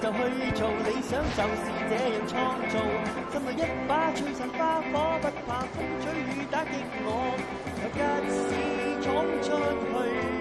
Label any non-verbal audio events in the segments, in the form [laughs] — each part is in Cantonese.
就去做，理想就是這樣創造。心裡一把璀璨花火，不怕風吹雨打擊我，有一絲闖出去。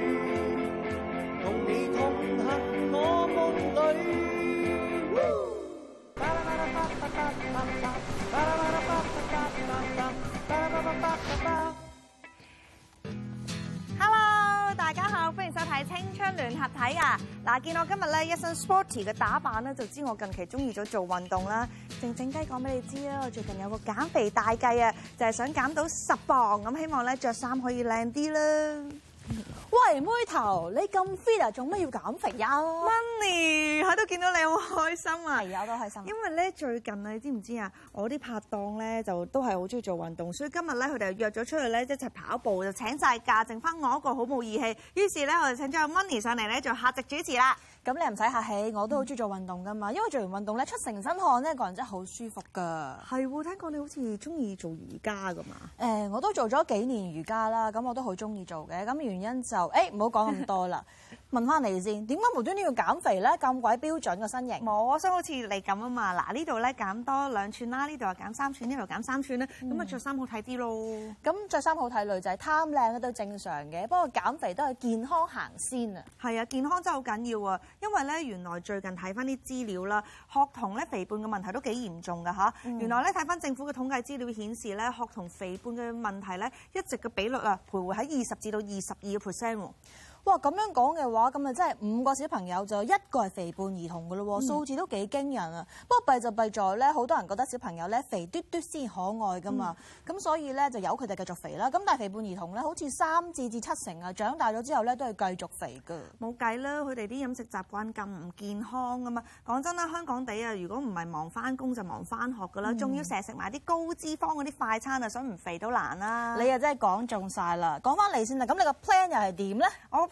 嗱，見到我今日咧一身 sporty 嘅打扮咧，就知我近期中意咗做運動啦。靜靜雞講俾你知啊，我最近有個減肥大計啊，就係想減到十磅咁，希望咧着衫可以靚啲啦。喂，妹頭，你咁 fit 啊，做咩要減肥呀？Moni，喺度見到你好開心啊！係，我都開心。因為呢，最近啊，你知唔知呀？我啲拍檔呢，就都係好鍾意做運動，所以今日呢，佢哋約咗出去呢，一齊跑步，就請晒假，剩返我一個好冇義氣。於是呢，我請咗個 Moni 上嚟呢，做客席主持啦。咁你唔使客氣，我都好中意做運動㗎嘛，因為做完運動咧出成身汗咧，個人真係好舒服㗎。係喎，聽講你好似中意做瑜伽㗎嘛？誒、欸，我都做咗幾年瑜伽啦，咁我都好中意做嘅。咁原因就誒，唔好講咁多啦。 [laughs] 問翻你先，點解無端端要減肥咧？咁鬼標準嘅身形，我想好似你咁啊嘛！嗱，呢度咧減多兩寸啦，呢度又減三寸，呢度減三寸咧，咁啊着衫好睇啲咯。咁着衫好睇女仔貪靚都正常嘅，不過減肥都係健康行先啊。係啊，健康真係好緊要啊！因為咧，原來最近睇翻啲資料啦，學童咧肥胖嘅問題都幾嚴重㗎吓。嗯、原來咧睇翻政府嘅統計資料顯示咧，學童肥胖嘅問題咧一直嘅比率啊徘徊喺二十至到二十二個 percent 喎。哇，咁樣講嘅話，咁啊真係五個小朋友就一個係肥胖兒童嘅咯喎，數字都幾驚人啊、嗯！不過弊就弊在咧，好多人覺得小朋友咧肥嘟嘟先可愛噶嘛，咁、嗯、所以咧就由佢哋繼續肥啦。咁但係肥胖兒童咧，好似三至至七成啊，長大咗之後咧都係繼續肥嘅。冇計啦，佢哋啲飲食習慣咁唔健康㗎嘛。講真啦，香港地啊，如果唔係忙返工就忙返學㗎啦，仲、嗯、要成日食埋啲高脂肪嗰啲快餐不啊，想唔肥都難啦。你啊真係講中晒啦！講返嚟先啦，咁你個 plan 又係點咧？我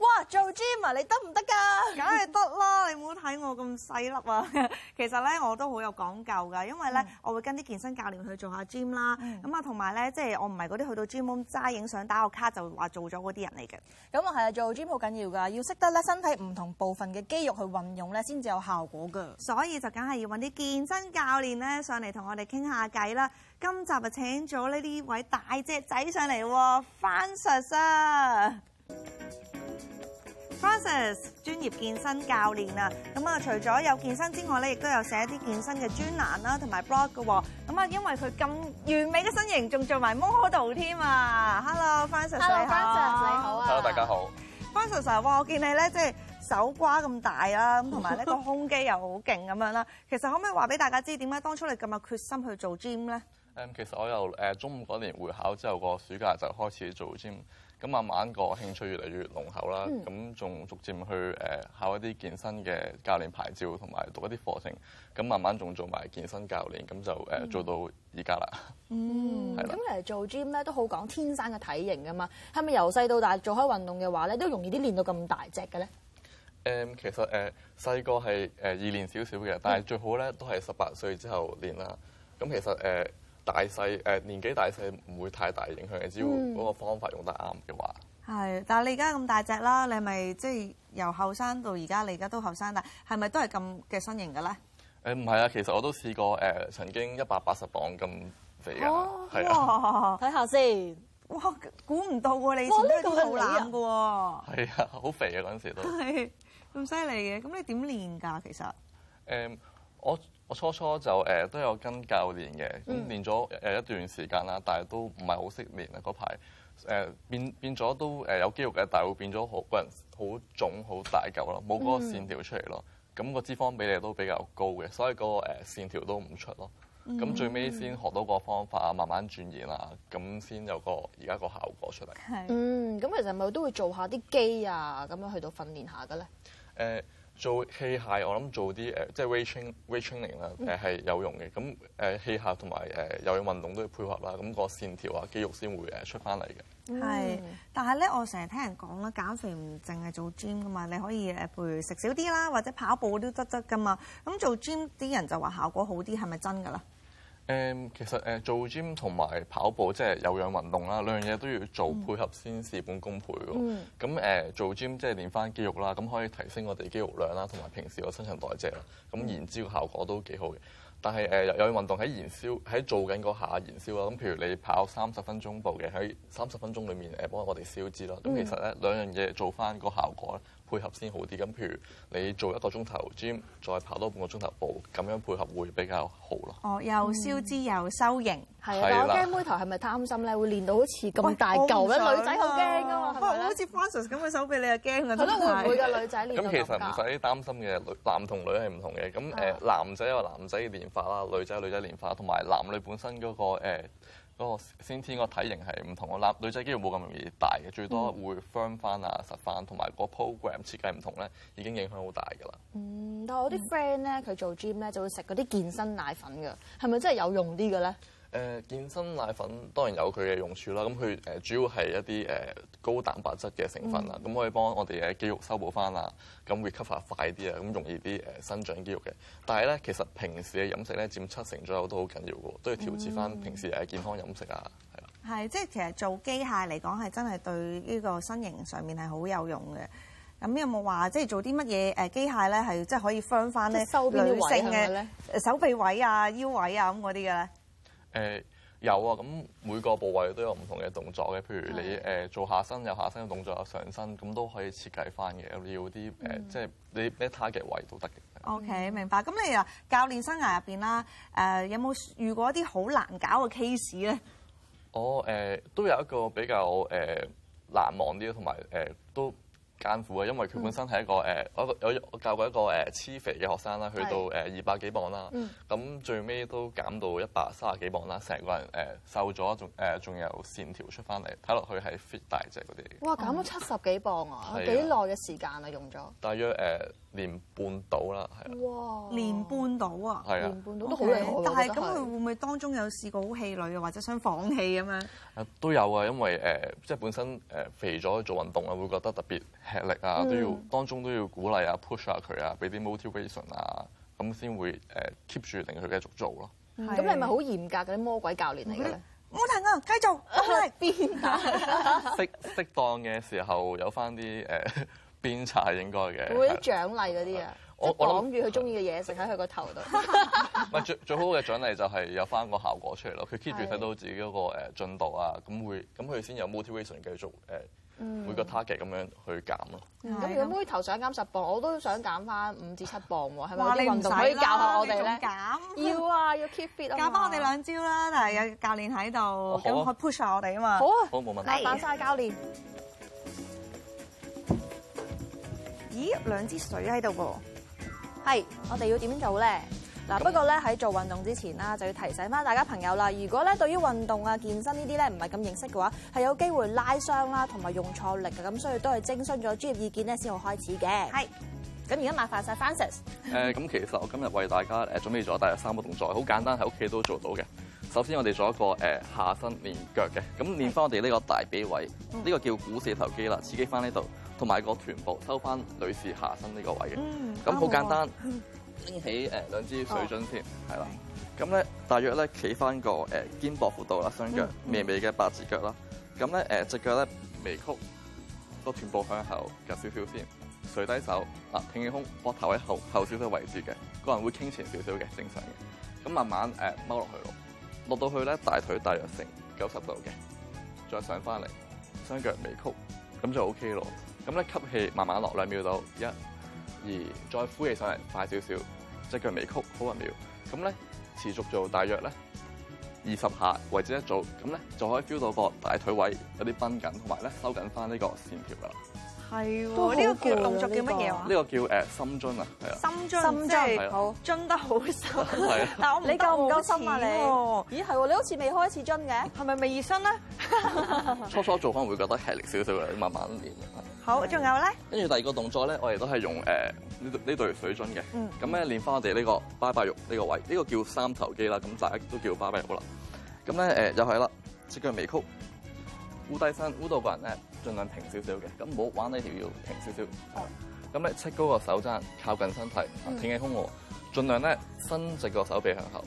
哇，做 gym 啊，你得唔得噶？梗係得啦，你唔好睇我咁細粒啊！啊 [laughs] 啊 [laughs] 其實咧，我都好有講究噶，因為咧、嗯，我會跟啲健身教練去做下 gym 啦。咁、嗯、啊，同埋咧，即、就、係、是、我唔係嗰啲去到 gym 咁齋影相打個卡就話做咗嗰啲人嚟嘅。咁、嗯、啊，係、嗯、啊，做 gym 好緊要噶，要識得咧身體唔同部分嘅肌肉去運用咧，先至有效果噶。所以就梗係要搵啲健身教練咧上嚟同我哋傾下偈啦。今集就請咗呢呢位大隻仔上嚟喎，Francis 啊！Francis 專業健身教練啊，咁啊除咗有健身之外咧，亦都有寫啲健身嘅專欄啦，同埋 blog 嘅喎。咁啊，因為佢咁完美嘅身形，仲做埋 model 添啊。Hello Francis 你好。Hello，Francis 你好啊！Hello，大家好。Francis 哇，我見你咧即係手瓜咁大啦，咁同埋呢個胸肌又好勁咁樣啦。 [laughs] 其實可唔可以話俾大家知點解當初你咁有決心去做 gym 咧？誒、um，其實我由誒中五嗰年會考之後，個暑假就開始做 gym。咁慢慢個興趣越嚟越濃厚啦，咁、嗯、仲逐漸去誒考一啲健身嘅教練牌照，同埋讀一啲課程。咁慢慢仲做埋健身教練，咁、嗯、就誒做到而家啦。嗯，係啦。咁、嗯、嚟做 gym 咧都好講天生嘅體型㗎嘛，係咪由細到大做開運動嘅話咧，都容易啲練到咁大隻嘅咧？誒、嗯，其實誒細個係誒易練少少嘅，但係最好咧都係十八歲之後練啦。咁其實誒。呃大細誒、呃、年紀大細唔會太大影響你，只要嗰個方法用得啱嘅話。係、嗯，但係你而家咁大隻啦，你咪即係由後生到而家，你而家都後生，但係咪都係咁嘅身形嘅咧？誒，唔係啊，其實我都試過誒、呃，曾經一百八十磅咁肥啊、哦、啊，係睇下先。哇，估唔到喎、啊，你以前都好懶嘅喎。係啊，好、啊、肥啊嗰陣時都。係咁犀利嘅，咁你點練噶？其實誒。呃我我初初就誒、呃、都有跟教練嘅，咁練咗誒、呃、一段時間啦，但係都唔係好識練啊，嗰排誒變變咗都誒、呃、有肌肉嘅，但係會變咗好個人好腫好大嚿咯，冇嗰個線條出嚟咯。咁、嗯，個脂肪比例都比較高嘅，所以、個誒、呃、線條都唔出咯。咁最尾先學到個方法，慢慢轉型啊，咁先有個而家個效果出嚟。係嗯，咁其實咪都會做下啲肌啊，咁樣去到訓練下嘅咧。誒、呃。做器械，我諗做啲誒，即係 weighting weight training 啦，誒係有用嘅。咁、嗯、誒、呃、器械同埋誒有氧運動都要配合啦。咁個線條啊，肌肉先會誒出翻嚟嘅。係、嗯，但係咧，我成日聽人講啦，減肥唔淨係做 gym 噶嘛，你可以誒譬如食少啲啦，或者跑步都得得噶嘛。咁做 gym 啲人就話效果好啲，係咪真㗎啦？誒、嗯、其實誒、呃、做 gym 同埋跑步即係有氧運動啦，兩樣嘢都要做、嗯、配合先事半功倍嘅。咁誒、嗯呃、做 gym 即係練翻肌肉啦，咁可以提升我哋肌肉量啦，同埋平時個新陳代謝啦。咁燃脂嘅效果都幾好嘅。但係誒、呃、有氧運動喺燃燒，喺做緊嗰下燃燒啦。咁譬如你跑三十分鐘步嘅，喺三十分鐘裏面誒幫我哋消脂啦。咁其實咧兩、嗯、樣嘢做翻個效果咧。配合先好啲，咁譬如你做一個鐘頭 gym，再跑多半個鐘頭步，咁樣配合會比較好咯。哦，又燒脂又收型，係、嗯啊啊、我驚妹頭係咪貪心咧？會練到好似咁大嚿嘅女仔好驚啊！哇，不啊啊啊啊、好似 Francis 咁嘅手臂，你又驚啊？覺得、啊啊、會唔會女仔練咁，其實唔使擔心嘅，男同女係唔同嘅。咁、啊呃、男仔有男仔嘅練法啦，女仔有女仔練法，同埋男女本身嗰、那個、呃嗰、那個先天個體型係唔同的，男女仔肌肉冇咁容易大嘅，最多會 firm 翻啊、實翻，同埋個 program 設計唔同咧，已經影響好大嘅喇。嗯，但係我啲 friend 咧，佢做 gym 咧就會食嗰啲健身奶粉㗎，係咪真係有用啲嘅咧？誒健身奶粉當然有佢嘅用處啦。咁佢誒主要係一啲誒高蛋白質嘅成分啊，咁、嗯、可以幫我哋嘅肌肉修補翻啊，咁 recover 快啲啊，咁容易啲誒生長肌肉嘅。但係咧，其實平時嘅飲食咧佔七成左右都好緊要嘅喎，都要調節翻平時嘅健康飲食啊。係、嗯、啦，係即係其實做機械嚟講係真係對呢個身形上面係好有用嘅。咁有冇話即係做啲乜嘢誒機械咧係即係可以 fun 翻咧女性嘅手臂位啊、腰位啊咁嗰啲嘅咧？誒、呃、有啊，咁每個部位都有唔同嘅動作嘅，譬如你誒、呃、做下身有下身嘅動作，有上身咁都可以設計翻嘅，要啲誒、呃、即係你咩 target 位都得嘅。OK，明白。咁你啊，教練生涯入邊啦，誒、呃、有冇遇過一啲好難搞嘅 case 咧？哦，誒、呃、都有一個比較誒、呃、難忘啲，同埋誒都，艱苦啊，因為佢本身係一個誒，我、嗯、有我教過一個誒黐肥嘅學生啦，去到誒二百幾磅啦，咁、嗯、最尾都減到一百三十幾磅啦，成個人誒瘦咗，仲誒仲有線條出翻嚟，睇落去係 fit 大隻嗰啲。哇！減咗七十幾磅啊，幾耐嘅時間啊？用咗。大約誒。呃年半到啦，係啦。哇！年半到啊，年半到都好厲害 okay, 是但係咁，佢會唔會當中有試過好氣餒啊，或者想放棄咁樣？啊，都有啊，因為誒、呃，即係本身誒、呃、肥咗去做運動啊，會覺得特別吃力啊，嗯、都要當中都要鼓勵啊，push 下、啊、佢啊，俾啲 motivation 啊，咁先會誒、呃、keep 住令佢繼續做咯、啊。咁你係咪好嚴格嗰啲魔鬼教練嚟嘅？唔好停啊，繼續努力變大。適適當嘅時候有翻啲誒。呃鞭策係應該嘅，會有啲獎勵嗰啲啊，我諗住佢中意嘅嘢食喺佢個頭度。唔 [laughs] 最最好嘅獎勵就係有翻個效果出嚟咯。佢 keep 住睇到自己嗰個誒進度啊，咁會咁佢先有 motivation 繼續誒每個 target 咁樣去減咯。咁如果妹頭想減十磅，我都想減翻五至七磅喎，係咪啲運動你唔使教下我哋咧？減要啊，要 keep fit 啊！教翻我哋兩招啦、嗯，但係有教練喺度咁可 push 下我哋啊嘛。好啊，好，冇問題。謝謝曬教練。咦，兩支水喺度噃？係，我哋要點做咧？嗱，不過咧喺做運動之前啦，就要提醒翻大家朋友啦。如果咧對於運動啊、健身呢啲咧唔係咁認識嘅話，係有機會拉傷啦，同埋用錯力嘅。咁所以都係徵詢咗專業意見咧先好開始嘅。係。咁而家麻煩晒 Francis。咁、呃、其實我今日為大家誒準備咗大約三個動作，好簡單喺屋企都做到嘅。首先我哋做一個、呃、下身練腳嘅，咁練翻我哋呢個大髀位，呢、嗯這個叫股四頭肌啦，刺激翻呢度。同埋個臀部收翻，女士下身呢個位嘅咁好簡單，拎、嗯、起誒兩支水樽先係啦。咁、哦、咧，大約咧企翻個誒、呃、肩膊闊度啦，雙腳、嗯、微微嘅八字腳啦。咁咧誒隻腳咧微曲，個臀部向後夾少少先，垂低手嗱、呃，挺起胸，膊頭喺後後少少位置嘅，個人會傾前少少嘅正常嘅。咁慢慢誒踎落去咯，落到去咧大腿大約成九十度嘅，再上翻嚟，雙腳微曲，咁就 O K 咯。咁咧吸氣，慢慢落兩秒到，一、二，再呼氣上嚟，快少少，隻腳微曲，好一秒。咁咧持續做，大約咧二十下為之一組。咁咧就可以 feel 到個大腿位有啲崩緊，同埋咧收緊翻呢個線條噶啦。係喎、啊，呢個叫動作、呢個、叫乜嘢話？呢、呢個叫誒深蹲啊，係 [laughs] 啊，夠夠深蹲即係好蹲得好深。係啊，你夠唔夠深啊你？咦係喎、啊，你好似未開始蹲嘅，係 [laughs] 咪未熱身咧？ [laughs] 初初做可能會覺得吃力少少嘅，慢慢練。好，仲有咧？跟住第二個動作咧，我哋都係用誒呢呢對水樽嘅。嗯。咁咧練翻我哋呢個拜拜肉呢個位，呢、這個叫三頭肌啦，咁大家都叫拜拜肉啦。咁咧誒又係啦，隻腳微曲，彎低身，彎到個人咧，儘量平少少嘅，咁唔好彎呢條腰，平少少。好。咁咧，出高個手踭，靠近身體，挺起胸，儘、嗯、量咧伸直個手臂向後。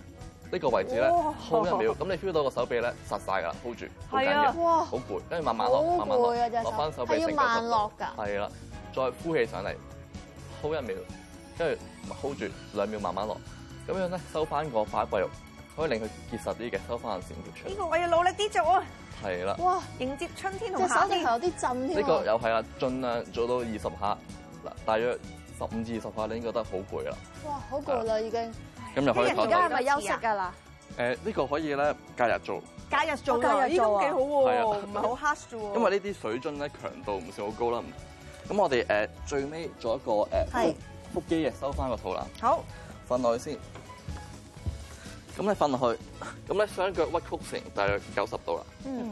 呢、這個位置咧，hold 一秒，咁、哦、你 feel 到個手臂咧實晒㗎啦，hold 住，好緊要，好攰，跟住慢慢落，慢慢攰落，落翻手，手臂成個，係要慢落㗎，係啦，再呼氣上嚟，hold 一秒，跟住 hold 住兩秒慢慢落，咁樣咧收翻個反跪肉，可以令佢結實啲嘅，收翻個線條出嚟，呢、這個我要努力啲做啊，係啦，哇，迎接春天同夏天，呢、這個又係啦，儘量做到二十下，嗱，大約十五至二十下你已經覺得好攰啦，哇，好攰啦已經。呃已經今日啲而家係咪休息㗎啦？誒，呢個可以咧，隔日做、這個。隔日做，隔日做呢個幾好喎，唔係好 hard 喎。因為呢啲水樽咧強度唔算好高啦。咁我哋誒最尾做一個誒腹肌嘅收翻個肚腩。好，瞓落去先。咁你瞓落去，咁咧雙腳屈曲成大約九十度啦。嗯。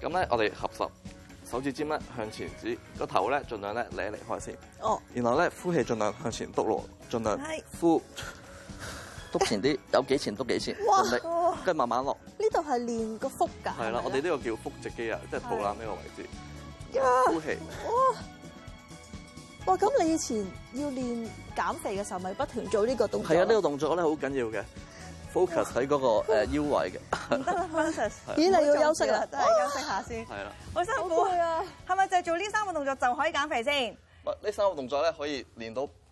咁咧，我哋合十手指尖咧向前指呢，個頭咧儘量咧咧離開先。哦。然後咧呼氣，儘量向前篤落，儘量呼。督前啲，有幾前督幾前，跟住慢慢落。呢度係練個腹㗎。係啦，我哋呢個叫腹直肌啊，即係肚腩呢個位置。呼氣。哇！哇！咁你以前要練減肥嘅時候，咪不停做呢個動作。係啊，呢個動作咧好緊要嘅，focus 喺嗰個誒腰位嘅。唔得啦，Manses，咦？你要休息啦，真係休息下先。係啦。好辛苦啊！係咪就係做呢三個動作就可以減肥先？唔係，呢三個動作咧可以練到。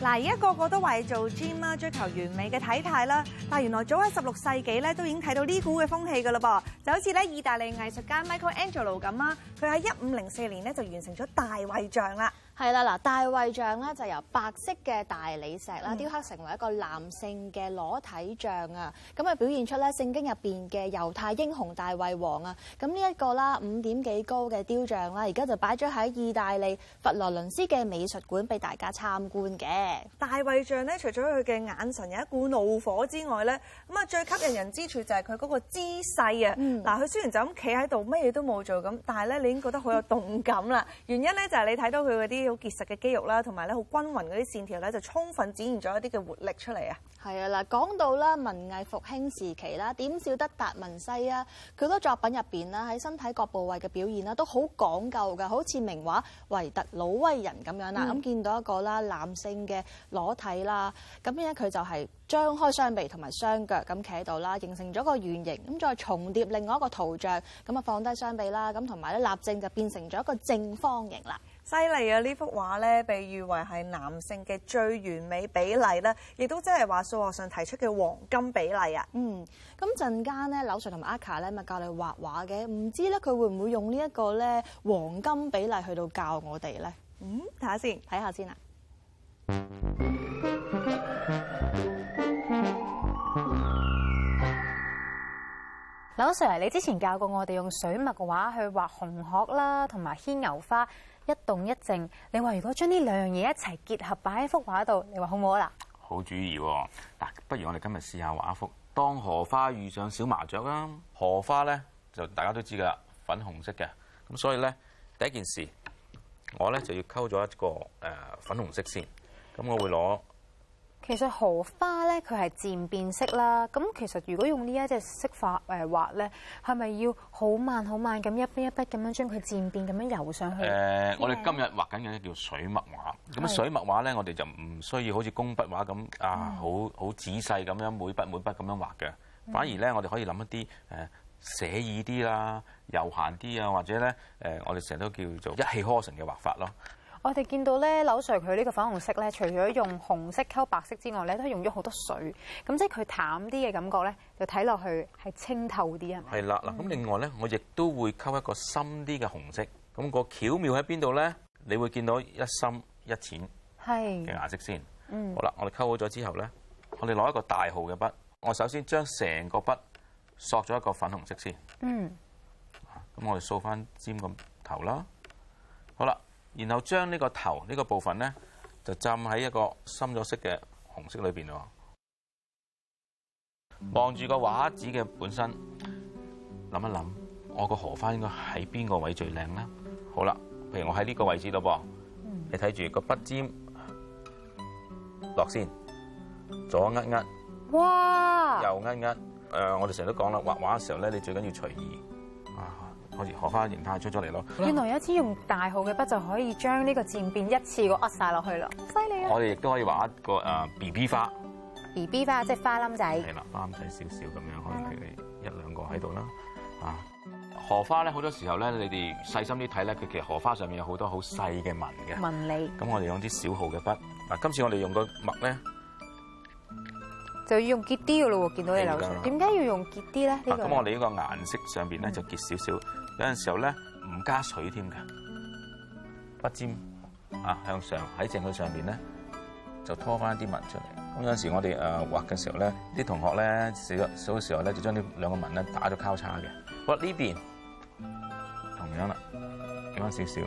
嗱，而家個個都為做 gym 啦，追求完美嘅體態啦，但原來早喺十六世紀咧，都已經睇到呢股嘅風氣噶嘞噃，就好似咧意大利藝術家 Michelangelo a 咁啦，佢喺一五零四年咧就完成咗大衛像啦。係啦，嗱，大衛像咧就由白色嘅大理石啦，雕刻成為一個男性嘅裸體像啊，咁啊表現出咧聖經入邊嘅猶太英雄大衛王啊，咁呢一個啦五點幾高嘅雕像啦，而家就擺咗喺意大利佛羅倫斯嘅美術館俾大家參觀嘅。大衛像咧，除咗佢嘅眼神有一股怒火之外咧，咁啊最吸引人之處就係佢嗰個姿勢啊，嗱、嗯、佢雖然就咁企喺度，乜嘢都冇做咁，但係咧你已經覺得好有動感啦。 [laughs] 原因咧就係你睇到佢嗰啲。好結實嘅肌肉啦，同埋咧好均勻嗰啲線條咧，就充分展現咗一啲嘅活力出嚟啊！係啊，嗱，講到啦文藝復興時期啦，點少得達文西啊？佢好多作品入邊啦，喺身體各部位嘅表現啦，都好講究噶，好似名畫維特魯威人咁樣啦。咁、嗯、見到一個啦男性嘅裸體啦，咁樣佢就係張開雙臂同埋雙腳咁企喺度啦，形成咗個圓形。咁再重疊另外一個圖像，咁啊放低雙臂啦，咁同埋咧立正就變成咗一個正方形啦。犀利啊！呢幅畫咧，被譽為係男性嘅最完美比例啦，亦都即係話數學上提出嘅黃金比例啊。嗯。咁陣間咧，柳 Sir 同埋 Aka 咧，咪教你畫畫嘅，唔知咧佢會唔會用呢一個咧黃金比例去到教我哋咧？嗯，睇下先看看，睇下先啊。柳 Sir，你之前教過我哋用水墨嘅畫去畫紅鶴啦，同埋牽牛花，一動一靜，你話如果將呢兩樣嘢一齊結合擺喺幅畫度，你話好唔好啊？好主意喎！嗱，不如我哋今日試下畫一幅《當荷花遇上小麻雀》啦。荷花咧就大家都知噶啦，粉紅色嘅。咁所以咧第一件事，我咧就要溝咗一個粉紅色先。咁我會攞。其實荷花咧，佢係漸變色啦。咁其實如果用呢一隻色法誒畫咧，係咪要好慢好慢咁一筆一筆咁樣將佢漸變咁樣游上去？誒、呃，我哋今日畫緊嘅叫水墨畫。咁水墨畫咧，我哋就唔需要好似工筆畫咁啊，好好仔細咁樣每筆每筆咁樣畫嘅。反而咧，我哋可以諗一啲誒寫意啲啦、遊閒啲啊，或者咧誒，我哋成日都叫做一氣呵成嘅畫法咯。我哋見到咧，劉 sir 佢呢個粉紅色咧，除咗用紅色溝白色之外咧，都用咗好多水。咁即係佢淡啲嘅感覺咧，就睇落去係清透啲，係咪？係、嗯、啦，嗱，咁另外咧，我亦都會溝一個深啲嘅紅色。咁、個巧妙喺邊度咧？你會見到一深一淺嘅顏色先。嗯。好啦，我哋溝好咗之後咧，我哋攞一個大號嘅筆，我首先將成個筆索咗一個粉紅色先。嗯。咁我哋掃翻尖個頭啦。好啦。然後將呢個頭呢、呢個部分咧，就浸喺一個深咗色嘅紅色裏邊咯。望住個畫紙嘅本身，諗一諗，我個荷花應該喺邊個位置最靚啦？好啦，譬如我喺呢個位置咯噃、嗯。你睇住個筆尖落先，左握握，哇，右握握。誒、呃，我哋成日都講啦，畫畫嘅時候咧，你最緊要隨意。啊！好似荷花形態出咗嚟咯。原來有啲用大號嘅筆就可以將呢個漸變一次過扼晒落去啦，犀利啊！我哋亦都可以畫一個誒 B B 花，B B 花即係花冧仔。係啦，花冧仔少少咁樣，可能係一兩個喺度啦。啊，荷花咧好多時候咧，你哋細心啲睇咧，佢其實荷花上面有好多好細嘅紋嘅紋理。咁我哋用啲小號嘅筆嗱，今次我哋用個墨咧。就要用結啲嘅咯喎，見到你流水點解要用結啲咧？咁、啊、我哋呢個顏色上邊咧就結少少，有陣時候咧唔加水添嘅筆尖啊向上喺正個上邊咧就拖翻一啲紋出嚟。咁有陣時我哋誒畫嘅時候咧，啲、呃、同學咧小嘅時候咧就將呢兩個紋咧打咗交叉嘅。哇！呢邊同樣啦，變翻少少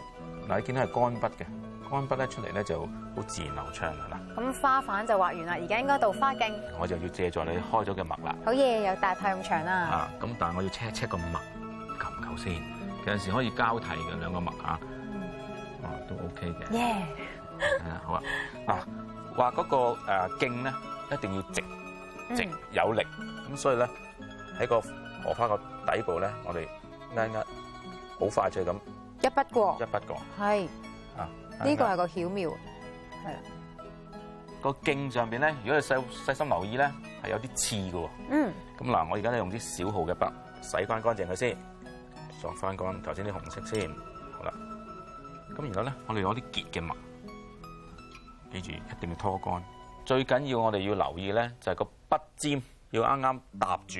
嗱，你見到係乾筆嘅。安筆咧出嚟咧就好自然流暢啦。咁花瓣就畫完啦，而家應該到花徑，我就要借助你開咗嘅墨啦。好嘢，又大派用場啦。咁、啊、但係我要 check check 個墨夠唔夠先？夠夠，嗯、有陣時可以交替嘅兩個墨啊，哦都 OK 嘅。y、yeah. 啊、好啊。啊，畫嗰、那個誒徑咧、啊、一定要直，直、嗯、有力。咁所以咧喺個荷花個底部咧，我哋啱啱好快脆咁一筆過，一筆過，係。呢、這個係個巧妙，係啦。這個莖上邊咧，如果你細細心留意咧，係有啲刺嘅喎。嗯。咁嗱，我而家咧用啲小號嘅筆，洗翻乾淨佢先，刷翻乾頭先啲紅色先，好啦。咁然後咧，我哋攞啲結嘅墨，記住一定要拖乾。最緊要我哋要留意咧，就係、是、個筆尖要啱啱搭住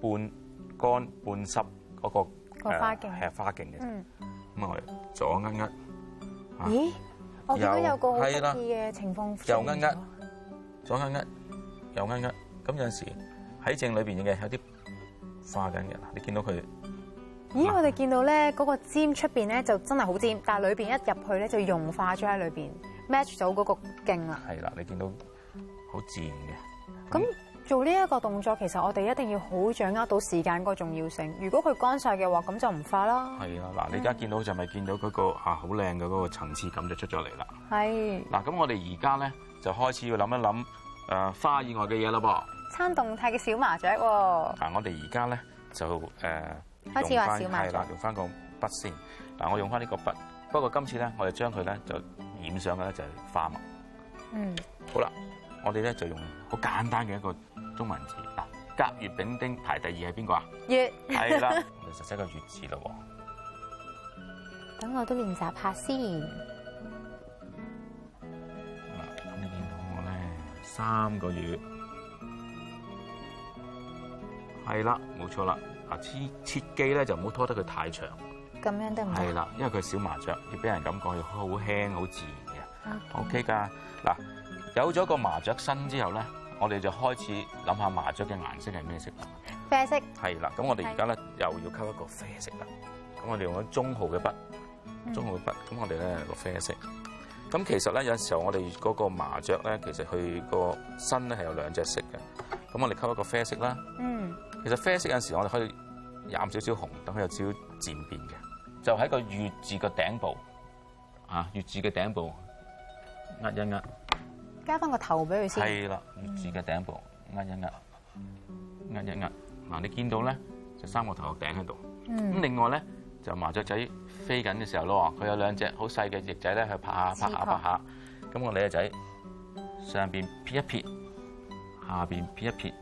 半乾半濕嗰、那個誒，係花莖嘅、呃啊。嗯。咁我哋左握握。咦？啊、我見到有個好似嘅情況出呃呃，左鈎鈎，右鈎鈎，咁有陣時喺正裏邊嘅有啲花緊嘅，你見到佢？咦！我哋見到咧嗰個尖出邊咧就真係好尖，但係裏邊一入去咧就融化咗喺裏邊，match 咗嗰個鏡啦。係啦，你見到好自然嘅。咁、嗯。做呢一個動作，其實我哋一定要好掌握到時間個重要性。如果佢乾晒嘅話，咁就唔化啦。係啊，嗱，你而家見到就咪見到嗰個好靚嘅嗰個層次感就出咗嚟啦？係。嗱、啊，咁我哋而家咧就開始要諗一諗誒、呃、花以外嘅嘢啦噃。參動態嘅小麻雀喎、啊。嗱、啊，我哋而家咧就、呃、開始話小麻雀啦，用翻個筆先。嗱、啊，我用翻呢個筆，不過今次咧我哋將佢咧就染上嘅咧就係花紋。嗯。好啦，我哋咧就用好簡單嘅一個。中文字嗱，甲乙丙丁排第二係邊個啊？乙係啦，我哋 [laughs] 實寫個乙字咯。咁我都練習下先。嗱，咁你見到我咧，三個月係啦，冇錯啦。嗱，切切機咧就唔好拖得佢太長。咁樣都唔係啦，因為佢係小麻雀，要俾人感覺要好輕好自然嘅。OK 噶。嗱，有咗個麻雀身之後咧。我哋就開始諗下麻雀嘅顏色係咩色？啡色。係啦，咁我哋而家咧又要溝一個啡色喇。咁我哋用咗中號嘅筆，中號嘅筆。咁、嗯、我哋咧落啡色。咁其實咧有時候我哋嗰個麻雀咧，其實佢個身咧係有兩隻色嘅。咁我哋溝一個啡色啦。嗯。其實啡色有陣時我哋可以染少少紅，等佢有少漸變嘅。就喺、是、個月字嘅頂部，啊月字嘅頂部，壓一壓。嗯嗯加翻個頭俾佢先，係啦，樹嘅頂部壓一壓，壓一壓嗱，你見到咧就三個頭嘅頂喺度，咁、嗯、另外咧就麻雀仔飛緊嘅時候咯，佢有兩隻好細嘅翼仔咧去拍下拍下拍下，咁我哋嘅仔上邊撇一撇，下邊撇一撇，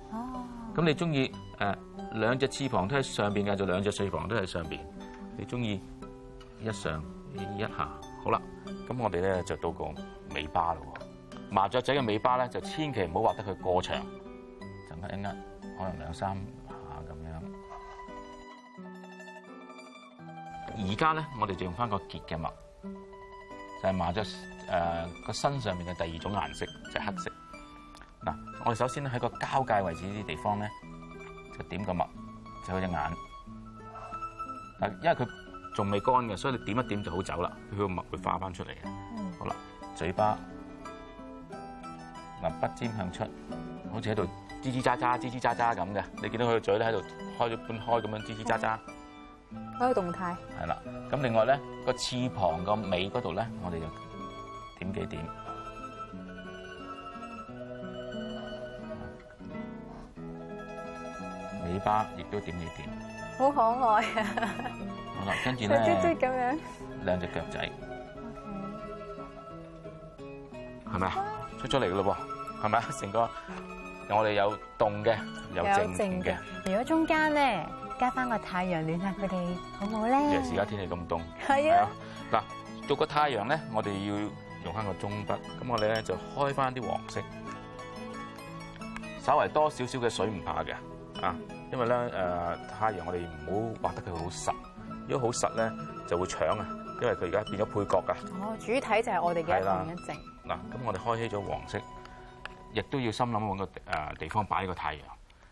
咁、啊、你中意誒兩隻翅膀都喺上邊嘅，就兩隻翅膀都喺上邊，你中意一上一下，好啦，咁我哋咧就到個尾巴嘞喎。麻雀仔嘅尾巴咧，就千祈唔好畫得佢過長，陣間一噏可能兩三下咁樣。而家咧，我哋就用翻個結嘅墨，就係、係、麻雀誒個、呃、身上面嘅第二種顏色就係、黑色。嗱、嗯，我哋首先喺個交界位置呢啲地方咧，就點個墨，就佢隻眼。嗱，因為佢仲未乾嘅，所以你點一點就好走啦。佢個墨會化翻出嚟嘅、嗯。好啦，嘴巴。牙、嗯、筆尖向出，好似喺度吱吱喳喳、吱吱喳喳咁嘅。你見到佢個嘴咧喺度開咗半開咁樣吱吱喳，喳喳，開、嗯那個、動態。係啦，咁另外咧個翅膀個尾嗰度咧，我哋就點幾點？尾巴亦都點幾點？好可愛啊！好啦，跟住咧，兩隻腳仔，係咪啊？出咗嚟噶嘞噃！係咪啊，成哥？我哋有動嘅，有靜嘅。如果中間咧加翻個太陽暖下佢哋好唔好咧？而家天氣咁凍，係啊嗱、啊，做個太陽咧，我哋要用翻個中筆。咁我哋咧就開翻啲黃色，稍為多少少嘅水唔怕嘅啊，因為咧誒、呃、太陽我哋唔好畫得佢好實，如果好實咧就會搶啊，因為佢而家變咗配角噶。哦，主體就係我哋嘅一動一靜嗱、啊，咁、啊、我哋開起咗黃色。亦都要心諗揾個誒地方擺個太陽。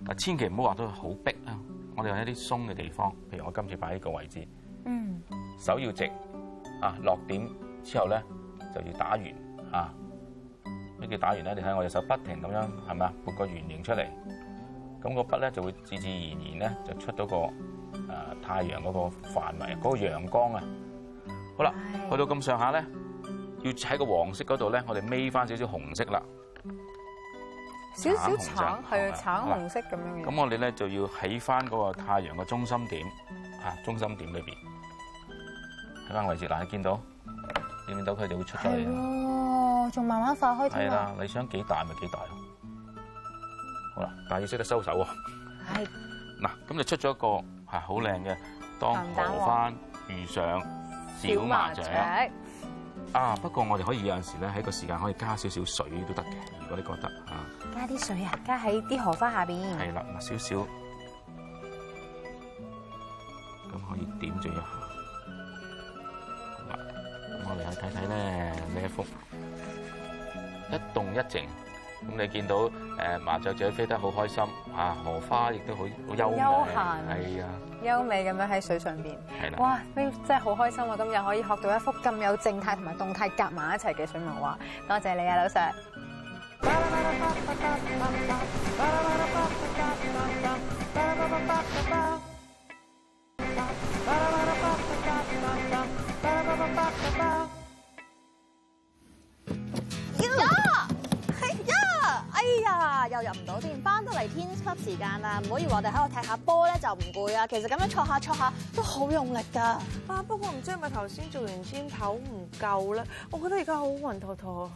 嗱，千祈唔好話到好逼啊！我哋用一啲鬆嘅地方，譬如我今次擺呢個位置，嗯、手要直啊，落點之後咧就要打圓啊！咩叫打圓咧？你睇我隻手不停咁樣係咪啊，撥個圓形出嚟，咁、嗰個筆咧就會自自然然咧就出到個誒、啊、太陽嗰個範圍，嗰、嗰個陽光啊！好啦，去到咁上下咧，要喺個黃色嗰度咧，我哋搣翻少少紅色啦。少少橙，係啊，橙紅色咁樣嘅。咁我哋咧就要喺翻嗰個太陽嘅中心點，啊、嗯，中心點裏邊，喺翻位置嗱，你見到呢邊豆佢就會出咗嚟。係仲慢慢化開添。係啦，你想幾大咪幾大咯。好啦，但係要識得收手喎、啊。嗱，咁就出咗一個，係好靚嘅，當河翻遇上小麻雀。啊，不過我哋可以有陣時咧喺個時間可以加少少水都得嘅。我啲覺得嚇，加啲水啊，加喺啲荷花下邊。係啦，抹少少，咁可以點綴一下。咁我哋去睇睇咧，呢一幅一動一靜。咁你見到誒、啊、麻雀仔飛得好開心嚇、啊，荷花亦都好好優悠閒，係啊，優美咁樣喺水上邊。係啦，哇，真係好開心啊！今日可以學到一幅咁有靜態同埋動態夾埋一齊嘅水墨畫。多謝，謝你啊，劉 Sir。呀！哎呀！哎呀！又入唔到添，返到嚟 Teens Club 時間啦，唔好以為我哋喺度踢下波咧就唔攰啊，其實咁樣挫下挫下都好用力㗎。啊，不過唔知係咪頭先做完圈跑唔夠咧，我覺得而家好暈陀陀。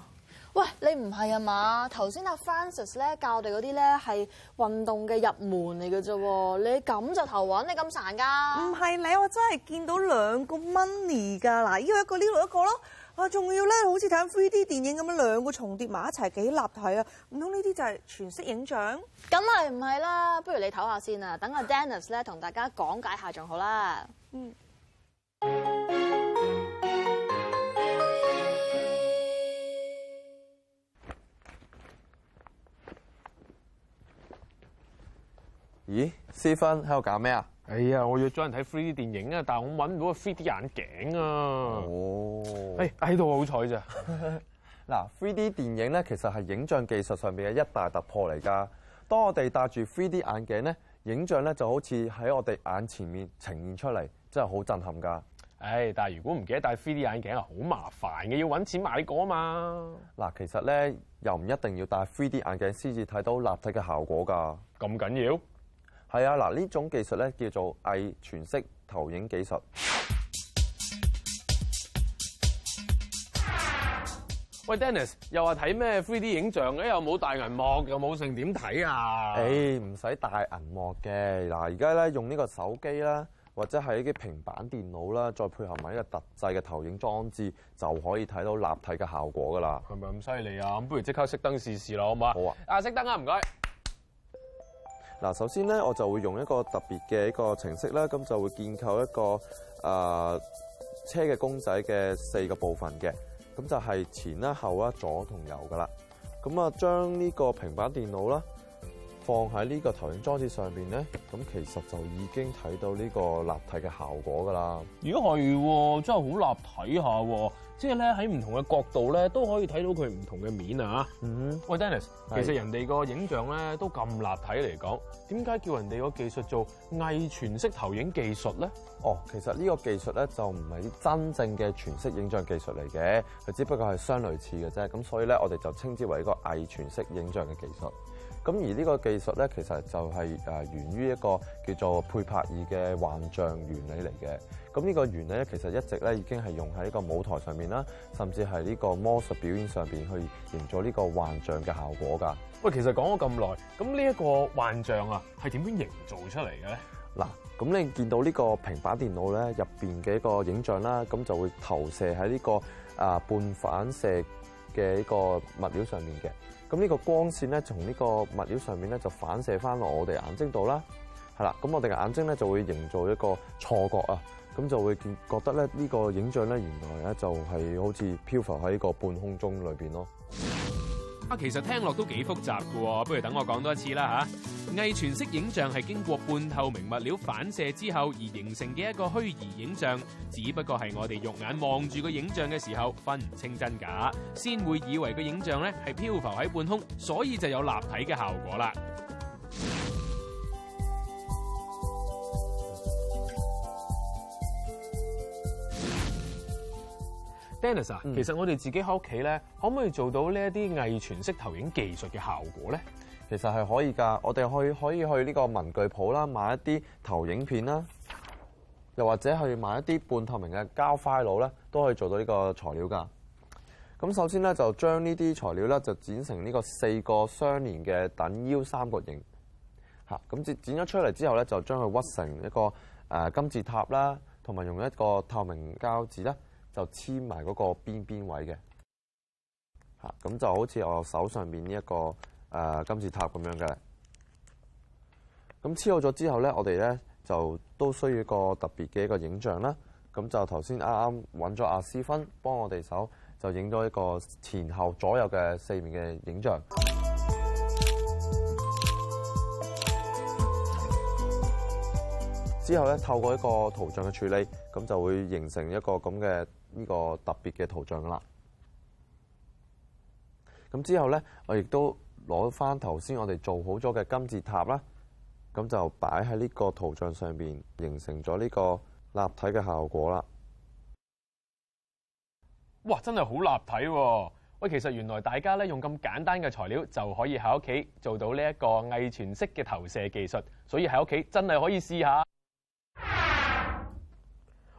喂，你唔係啊嘛？頭先阿 Francis 咧教我哋嗰啲咧係運動嘅入門嚟嘅啫喎，你咁就頭暈，你咁殘噶？唔係，你我真係見到兩個 money 㗎，嗱呢度一個，呢度一個咯。我仲要咧好似睇三 D 電影咁樣兩個重疊埋一齊，幾立體啊？唔通呢啲就係全息影像？梗係唔係啦。不如你唞下先啊，等阿 Dennis 咧同大家講解下仲好啦。嗯。咦 Stephen 喺度搞咩啊？哎呀，我約咗人睇 3D 電影啊，但係我搵唔到個 3D 眼鏡啊。哦，哎喺度好彩咋。嗱 [laughs] ，3D 電影咧其實係影像技術上邊嘅一大突破嚟噶。當我哋戴住 3D 眼鏡咧，影像咧就好似喺我哋眼前面呈現出嚟，真係好震撼噶。哎，但係如果唔記得戴 3D 眼鏡啊，好麻煩嘅，要搵錢買過啊嘛。嗱，其實咧又唔一定要戴 3D 眼鏡先至睇到立體嘅效果噶。咁緊要？係啊，嗱呢種技術咧叫做偽全息投影技術喂。喂，Dennis，又話睇咩 3D 影像嘅？又冇大銀幕，又冇成點睇啊？誒、欸，唔使大銀幕嘅。嗱，而家咧用呢個手機啦，或者係一啲平板電腦啦，再配合埋一個特製嘅投影裝置，就可以睇到立體嘅效果㗎啦。係咪咁犀利啊？咁不如即刻熄燈試試啦，好唔好？好啊。啊，熄燈啊，唔該。嗱，首先咧，我就會用一個特別嘅一個程式啦。咁就會建構一個啊車嘅公仔嘅四個部分嘅，咁就係前啦、後啦、左同右噶啦。咁啊，將呢個平板電腦啦放喺呢個投影裝置上邊咧，咁其實就已經睇到呢個立體嘅效果噶啦。如果係， [laughs] 真係好立體下喎！即係咧，喺唔同嘅角度咧，都可以睇到佢唔同嘅面啊！嚇、嗯，喂，Dennis，其實人哋個影像咧都咁立體嚟講，點解叫人哋個技術做偽全息投影技術咧？哦，其實呢個技術咧就唔係真正嘅全息影像技術嚟嘅，佢只不過係相類似嘅啫。咁所以咧，我哋就稱之為一個偽全息影像嘅技術。咁而呢個技術咧，其實就係誒源於一個叫做佩珀爾嘅幻象原理嚟嘅。咁呢個圓咧，其實一直咧已經係用喺呢個舞台上面啦，甚至係呢個魔術表演上邊去營造呢個幻象嘅效果㗎。喂，其實講咗咁耐，咁呢一個幻象啊，係點樣營造出嚟嘅咧？嗱，咁你見到呢個平板電腦咧入邊嘅一個影像啦，咁就會投射喺呢個啊半反射嘅一個物料上面嘅。咁呢個光線咧，從呢個物料上面咧就反射翻落我哋眼睛度啦，係啦。咁我哋嘅眼睛咧就會營造一個錯覺啊。咁就會見覺得咧呢、這個影像咧原來咧就係好似漂浮喺個半空中裏面咯。啊，其實聽落都幾複雜嘅喎，不如等我講多一次啦嚇。偽全息影像係經過半透明物料反射之後而形成嘅一個虛擬影像，只不過係我哋肉眼望住個影像嘅時候分唔清真假，先會以為個影像咧係漂浮喺半空，所以就有立體嘅效果啦。Dennis，其實我哋自己喺屋企咧，可唔可以做到呢一啲偽全息投影技術嘅效果咧？其實係可以㗎，我哋去可，可以去呢個文具鋪啦，買一啲投影片啦，又或者去買一啲半透明嘅膠 file 啦，都可以做到呢個材料㗎。咁首先咧，就將呢啲材料咧，就剪成呢個四個相連嘅等腰三角形，嚇咁剪剪咗出嚟之後咧，就將佢屈成一個誒金字塔啦，同埋用一個透明膠紙啦。就黐埋嗰個邊邊位嘅，吓咁就好似我手上面呢一個誒金字塔咁樣嘅。咁黐好咗之後咧，我哋咧就都需要一個特別嘅一個影像啦。咁就頭先啱啱揾咗阿思芬幫我哋手，就影咗一個前後左右嘅四面嘅影像。之後咧，透過一個圖像嘅處理，咁就會形成一個咁嘅呢個特別嘅圖像啦，咁之後呢，我亦都攞翻頭先我哋做好咗嘅金字塔啦，咁就擺喺呢個圖像上邊，形成咗呢個立體嘅效果啦。哇！真係好立體喎！喂，其實原來大家呢，用咁簡單嘅材料就可以喺屋企做到呢一個偽全息嘅投射技術，所以喺屋企真係可以試下。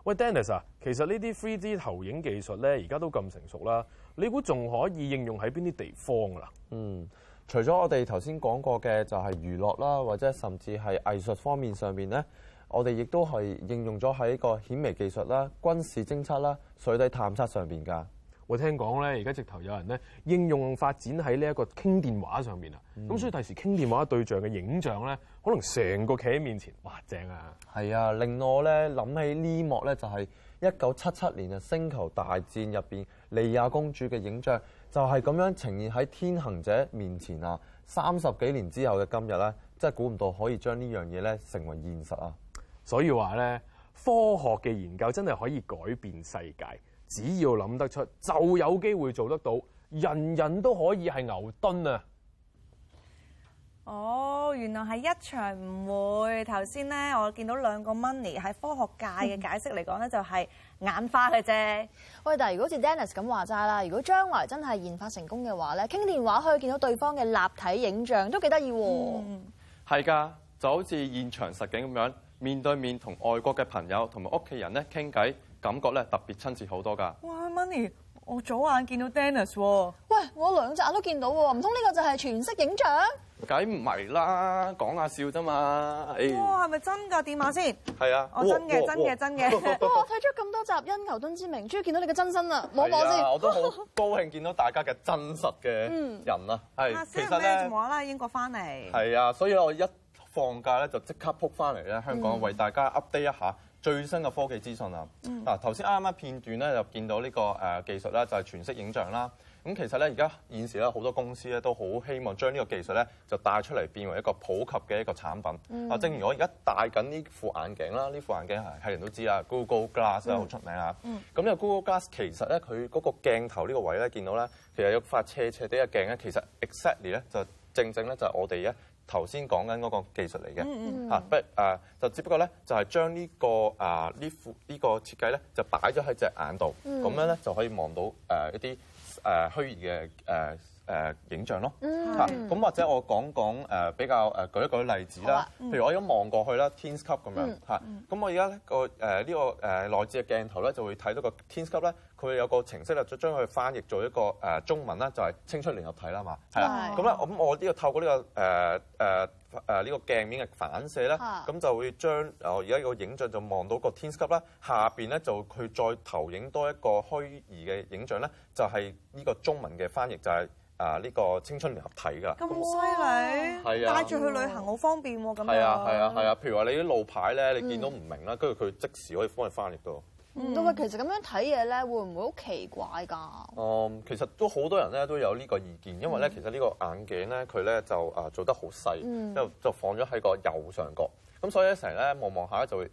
喂，Dennis 啊，其實呢啲 3D 投影技術咧，而家都咁成熟啦，你估仲可以應用喺邊啲地方㗎啦？嗯，除咗我哋頭先講過嘅就係娛樂啦，或者甚至係藝術方面上面咧，我哋亦都係應用咗喺個顯微技術啦、軍事偵測啦、水底探測上邊㗎。我聽講咧，而家直頭有人咧應用發展喺呢一個傾電話上面啊，咁、嗯、所以第時傾電話對象嘅影像咧，可能成個企喺面前，哇！正啊！係啊，令我咧諗起呢幕咧，就係一九七七年嘅《星球大戰》入面，莉亞公主嘅影像就係咁樣呈現喺天行者面前啊！三十幾年之後嘅今日咧，真係估唔到可以將呢樣嘢咧成為現實啊！所以話咧，科學嘅研究真係可以改變世界。只要諗得出，就有機會做得到。人人都可以係牛頓啊！哦，原來係一場誤會。頭先咧，我見到兩個 money 喺科學界嘅解釋嚟講咧， [laughs] 就係眼花嘅啫。喂，但係如果好似 Dennis 咁話齋啦，如果將來真係研發成功嘅話咧，傾電話可以見到對方嘅立體影像的，都幾得意喎。係㗎，就好似現場實景咁樣，面對面同外國嘅朋友同埋屋企人咧傾偈。感覺咧特別親切好多㗎。哇，Money，我早眼見到 Dennis n、欸、喎。喂，我兩隻眼都見到喎，唔通呢個就係全息影像？梗唔係啦，講下笑啫嘛、欸。哇，係咪真㗎？電話先。係啊，我真嘅，真嘅，真嘅。哇，我睇咗咁多集《因牛頓之名》，終於見到你嘅真身啦，摸摸、啊、先。我都好高興見到大家嘅真實嘅人啦、啊，係、嗯。啊、其實咩無啦啦英國翻嚟。係啊，所以我一放假咧就即刻撲翻嚟咧香港、嗯，為大家 update 一下。最新嘅科技資訊啊！嗱、嗯，頭先啱啱片段咧就見到呢、這個誒、呃、技術啦，就係、是、全息影像啦。咁其實咧，而家現時咧好多公司咧都好希望將呢個技術咧就帶出嚟，變為一個普及嘅一個產品。啊、嗯，正如我而家戴緊呢副眼鏡啦，呢副眼鏡係人都知道啦，Google Glass 好、嗯、出名啊。咁、嗯、呢個 Google Glass 其實咧，佢嗰個鏡頭呢個位咧，見到咧，其實有塊斜斜啲嘅鏡咧，其實 exactly 咧就正正咧就係我哋一。頭先講緊嗰個技術嚟嘅，不誒就只不過咧，就係、是、將、這個呃這個、呢個啊呢副呢個設計咧，就擺咗喺隻眼度，咁、嗯、樣咧就可以望到、呃、一啲誒虛擬嘅影像咯。咁、嗯啊、或者我講講、呃、比較誒、呃、舉一舉例子啦、啊嗯，譬如我而家望過去啦，Teens Club 咁樣嚇，咁、嗯啊、我而家咧個誒、呃、呢個誒內置嘅鏡頭咧就會睇到個 Teens Club 咧。佢有個程式啦，就將佢翻譯做一個誒中文啦，就係、是、青春聯合體啦嘛，係啦。咁咧、啊，咁我呢、這個透過呢、這個誒誒誒呢個鏡面嘅反射啦，咁、啊、就會將哦而家個影像就望到個天鵝級 Teens Club 啦，下邊咧就佢再投影多一個虛擬嘅影像咧，就係、是、呢個中文嘅翻譯就係啊呢個青春聯合體㗎。咁犀利！係啊，帶住去旅行好方便喎、啊。咁樣係啊係啊係啊，啊，譬如話你啲路牌咧，你見到唔明啦，跟住佢即時可以幫你翻譯到。喂、嗯，其實咁樣睇嘢咧，會唔會好奇怪㗎？哦、嗯，其實都好多人咧都有呢個意見，因為咧其實呢個眼鏡咧佢咧就啊做得好細、嗯，就就放咗喺個右上角，咁所以一成日咧望望下咧就會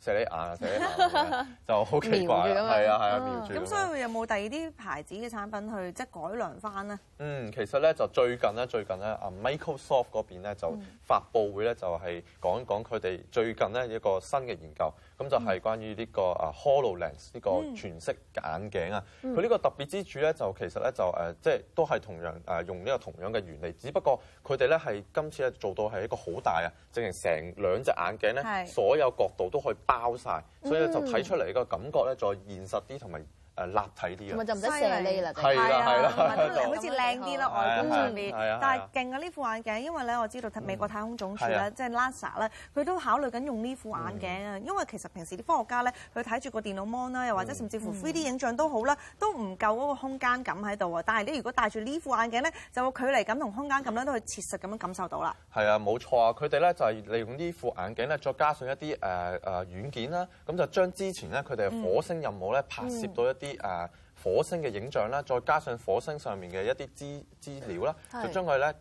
射你眼，射 [laughs] 你眼，就好奇怪，係啊係啊，瞄住、嗯。咁所以有冇第二啲牌子嘅產品去即係改良翻咧？嗯，其實咧就最近咧最近咧啊 Microsoft 嗰邊咧就發佈會咧就係講一講佢哋最近咧一個新嘅研究。咁就係關於呢個啊 HoloLens 呢個全色眼鏡啊，佢、嗯、呢個特別之處咧，就其實咧就、呃、即係都係同樣、呃、用呢個同樣嘅原理，只不過佢哋咧係今次咧做到係一個好大啊，整成成兩隻眼鏡咧，所有角度都可以包晒。所以咧就睇出嚟個感覺咧再現實啲同埋。立體啲，同埋就唔使成嚟啦，係啊，好似靚啲咯，外觀啲。但係勁啊！呢副眼鏡，因為咧，我知道美國太空總署嘅，即係 NASA 咧，佢都考慮緊用呢副眼鏡啊。因為其實平時啲科學家咧，佢睇住個電腦 mon，又或者甚至乎 3D 影像都好啦，都唔夠嗰個空間感喺度啊。但係你如果戴住呢副眼鏡咧，就個距離感同空間感咧，都可以切實咁樣感受到啦。係啊，冇錯啊！佢哋咧就係利用呢副眼鏡咧，再加上一啲誒誒軟件啦，咁就將之前咧佢哋嘅火星任務咧拍攝到一啲誒火星嘅影像啦，再加上火星上面嘅一啲資資料啦，就將佢咧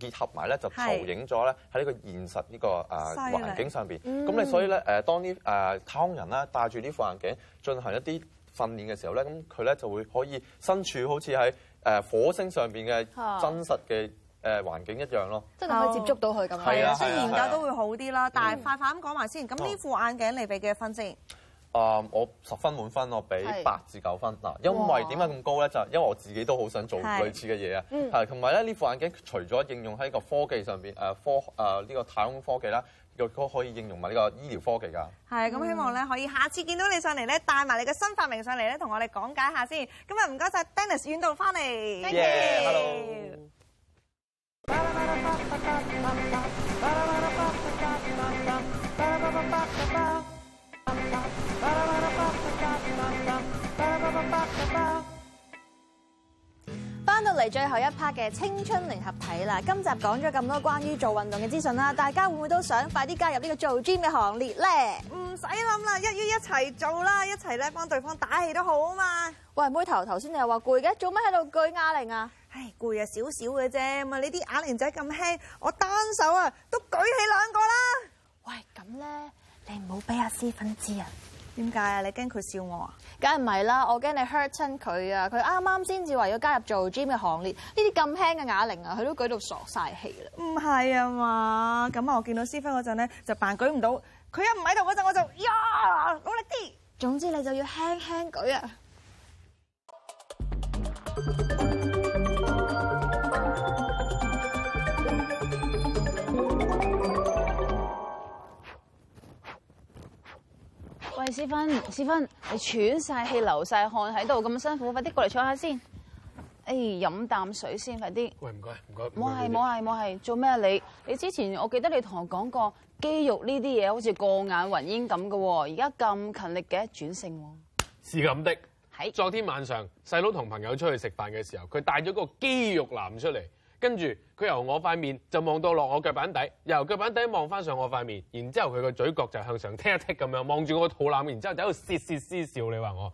結合埋咧就投影咗咧喺呢個現實呢個誒環境上邊。咁、嗯、你所以咧誒，當啲誒太空人啦戴住呢副眼鏡進行一啲訓練嘅時候咧，咁佢咧就會可以身處好似喺誒火星上邊嘅真實嘅誒環境一樣咯，即係可以接觸到佢咁樣。係啊，雖然練家都會好啲啦。但係快快咁講埋先，咁、嗯、呢副眼鏡你俾幾分先？啊！我十分滿分，我俾八至九分嗱，因為點解咁高咧？就因為我自己都好想做類似嘅嘢啊！係同埋咧，呢、嗯、副眼鏡除咗應用喺個科技上邊，誒科誒呢、啊呢個太空科技啦，亦都可以應用埋呢個醫療科技噶。係咁，希望咧可以下次見到你上嚟咧，帶埋你嘅新發明上嚟咧，同我哋講解下先。咁啊，唔該晒 Dennis 遠道翻嚟。Thank 翻到嚟最後一 part 嘅青春聯合體啦，今集講咗咁多關於做運動嘅資訊啦，大家會唔會都想快啲加入呢個做 gym 嘅行列咧？唔使諗啦，一於一齊做啦，一齊咧幫對方打氣都好啊嘛妹妹！喂，妹頭，頭先你又話攰嘅，做咩喺度舉啞鈴啊？唉，攰啊少少嘅啫，嘛你啲啞鈴仔咁輕，我單手啊都舉起兩個啦！喂，咁咧你唔好俾阿 Francis 知啊！點解啊？你驚佢笑我啊？梗係唔係啦？我驚你 hurt 親佢啊！佢啱啱先至為咗加入做 gym 嘅行列，呢啲咁輕嘅啞鈴啊，佢都舉到傻晒氣啦！唔係啊嘛，咁啊我見到思芬嗰陣咧，就扮舉唔到。佢一唔喺度嗰陣，我就呀，努力啲。總之你就要輕輕舉啊！Okay. 思芬，思芬，你喘晒氣、流晒汗喺度咁辛苦，快啲過嚟坐下先。哎，飲啖水先，快啲。喂，唔該，唔該。冇係，冇係，冇係。做咩啊？你？你之前我記得你同我講過肌肉呢啲嘢，好似過眼雲煙咁嘅。而家咁勤力嘅轉性喎。是咁的。係。昨天晚上，細佬同朋友出去食飯嘅時候，佢帶咗個肌肉男出嚟。跟住佢由我塊面就望到落我腳板底，底，由腳板底望翻上我塊面，然之後佢個嘴角就向上踢一踢咁樣望住我個肚腩，然之後就喺度竊竊私笑你。你話我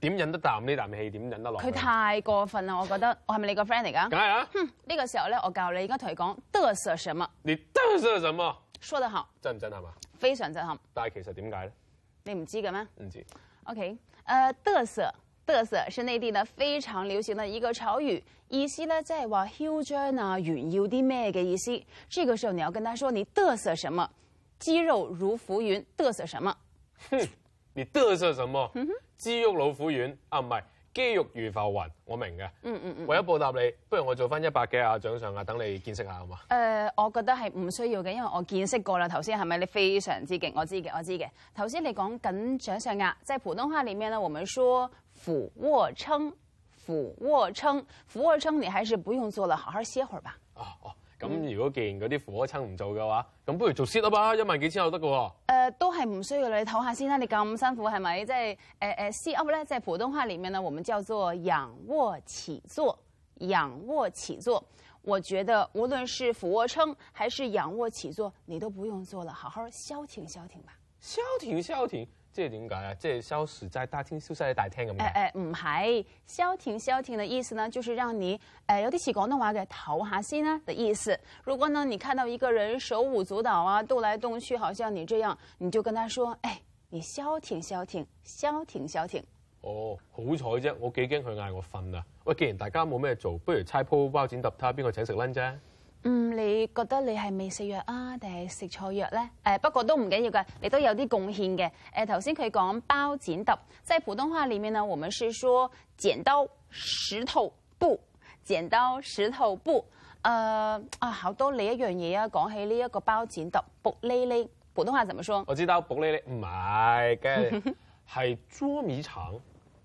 點忍得啖呢啖氣？點忍得落？佢太過分啦！我覺得我係咪你個 friend 嚟㗎？梗係啦！哼，呢、這個時候咧，我教你而家同佢講得瑟什麼？你得瑟什麼？說得好。真唔真係嘛？非常震撼。但係其實點解咧？你唔知噶咩？唔知。OK，誒、呃、得瑟。得瑟是內地呢非常流行的一個潮語，意思咧即係話囂張啊，炫耀啲咩嘅意思。這個時候你要跟佢講，你得瑟什麼？肌肉如浮雲，得瑟什麼？哼， [laughs] 你得瑟什麼、嗯哼？肌肉老虎丸？啊，唔係肌肉如浮雲，我明嘅。嗯嗯嗯，為咗報答你，不如我做翻一百幾下、啊、掌上壓、啊，等你見識下好嘛。誒、呃，我覺得係唔需要嘅，因為我見識過啦。頭先係咪你非常之勁？我知嘅，我知嘅。頭先你講緊掌上壓，即係普通話裡面呢，會唔會俯臥撐，俯臥撐，俯臥撐，你還是不用做了，好好歇會兒吧。哦哦，咁如果既然嗰啲俯臥撐唔做嘅話，咁、嗯、不如做 sit up 吧，一萬幾千就得嘅。呃，都係唔需要你唞下先啦，你咁辛苦係咪？即係，誒誒，sit up 咧，即、呃、在普通話裏面呢，我們叫做仰臥起坐。仰臥起坐，我覺得無論是俯臥撐還是仰臥起坐，你都不用做了，好好消停消停吧。消停消停。即係點解啊？即係消時在大廳，消失喺大廳咁。誒、哎、誒，唔係消停消停的意思呢？就是讓你誒、哎、有啲似廣東話嘅唞下先啦的意思。如果呢你看到一個人手舞足蹈啊，動來動去，好像你這樣，你就跟佢說：誒、哎，你消停消停，消停消停。哦，好彩啫，我幾驚佢嗌我瞓啊。喂，既然大家冇咩做，不如猜鋪包剪揼他，邊個請食 lunch 啫？嗯，你覺得你係未食藥啊，定係食錯藥咧？誒、呃，不過都唔緊要嘅，你都有啲貢獻嘅。誒、呃，頭先佢講包剪揼，即係普通話裡面呢，我們是說剪刀、石頭、布。剪刀、石頭、布，誒、呃、啊，好多你一樣嘢啊！講起呢一個包剪揼，卜哩哩，普通話怎麼說？我知道卜哩哩，唔係嘅，係 [laughs] 捉迷藏。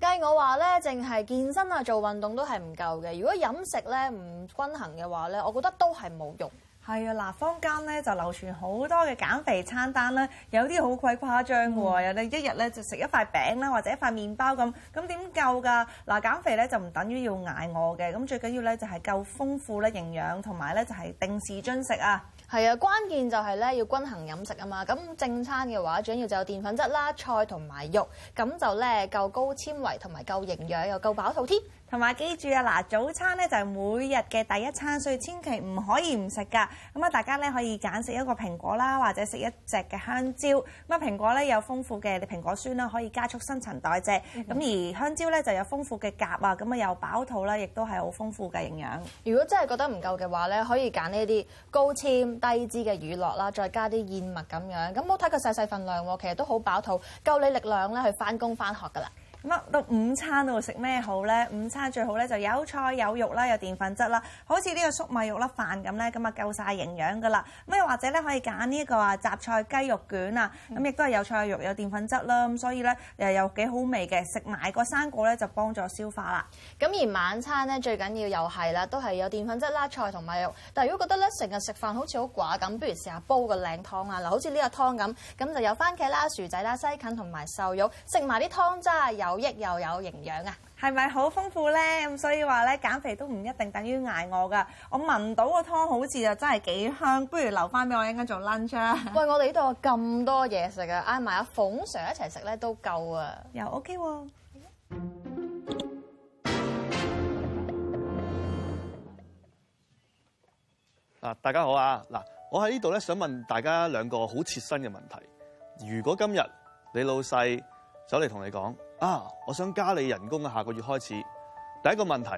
計我話咧，淨係健身啊、做運動都係唔夠嘅。如果飲食咧唔均衡嘅話咧，我覺得都係冇用。係啊，嗱，坊間咧就流傳好多嘅減肥餐單啦，有啲好鬼誇張嘅喎，有啲一日咧就食一塊餅啦，或者一塊麵包咁，咁點夠㗎？嗱，減肥咧就唔等於要挨餓嘅，咁最緊要咧就係夠豐富嘅營養，同埋咧就係定時進食啊。係啊，關鍵就係咧要均衡飲食啊嘛，咁正餐嘅話，最緊要就澱粉質啦、菜同埋肉，咁就咧夠高纖維同埋夠營養，又夠飽肚添。同埋記住啊，嗱，早餐咧就係每日嘅第一餐，所以千祈唔可以唔食噶。咁啊，大家咧可以揀食一個蘋果啦，或者食一隻嘅香蕉。咁啊，蘋果咧有豐富嘅蘋果酸啦，可以加速新陳代謝。咁、嗯、而香蕉咧就有豐富嘅鉀啊，咁啊又飽肚啦，亦都係好豐富嘅營養。如果真係覺得唔夠嘅話咧，可以揀呢啲高纖低脂嘅乳酪啦，再加啲燕麥咁樣。咁冇睇佢細細份量喎，其實都好飽肚，夠你力量咧去翻工翻學㗎啦。乜到午餐度食咩好咧？午餐最好咧就有菜有肉啦，有澱粉質啦，好似呢個粟米肉粒飯咁咧，咁啊夠曬營養噶啦。咁又或者咧可以揀呢個啊雜菜雞肉卷啊，咁亦都係有菜有肉有澱粉質啦。咁所以咧又又幾好味嘅。食埋個生果咧就幫助消化啦。咁而晚餐咧最緊要又係啦，都係有澱粉質啦，菜同埋肉。但係如果覺得咧成日食飯好似好寡咁，不如試下煲個靚湯啊。嗱，好似呢個湯咁，咁就有番茄啦、薯仔啦、西芹同埋瘦肉，食埋啲湯渣又～有益又有營養啊，係咪好豐富咧？咁所以話咧，減肥都唔一定等於挨餓㗎。我聞到個湯好似就真係幾香，不如留翻俾我一陣間做 lunch 啊。喂，我哋呢度咁多嘢食啊，嗌埋阿鳳 sir 一齊食咧都夠啊，又 OK 喎。嗱，大家好啊，嗱，我喺呢度咧想問大家兩個好切身嘅問題。如果今日你老細走嚟同你講，啊！我想加你人工啊，下個月開始。第一個問題，